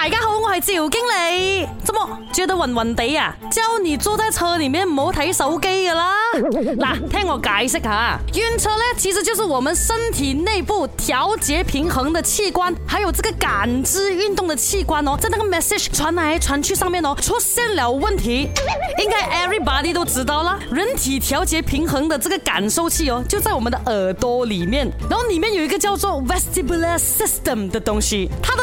大家好，我係趙經理，怎麼覺得暈暈地啊？叫你坐在車裏面唔好睇手機噶啦。嗱，聽我解釋下，暈車呢，其實就是我們身體內部調節平衡的器官，還有這個感知運動的器官哦，在那個 message 傳來傳去上面哦，出現了問題。應該 everybody 都知道啦，人體調節平衡的這個感受器哦，就在我們的耳朵裏面，然後裏面有一個叫做 vestibular system 的東西，它的。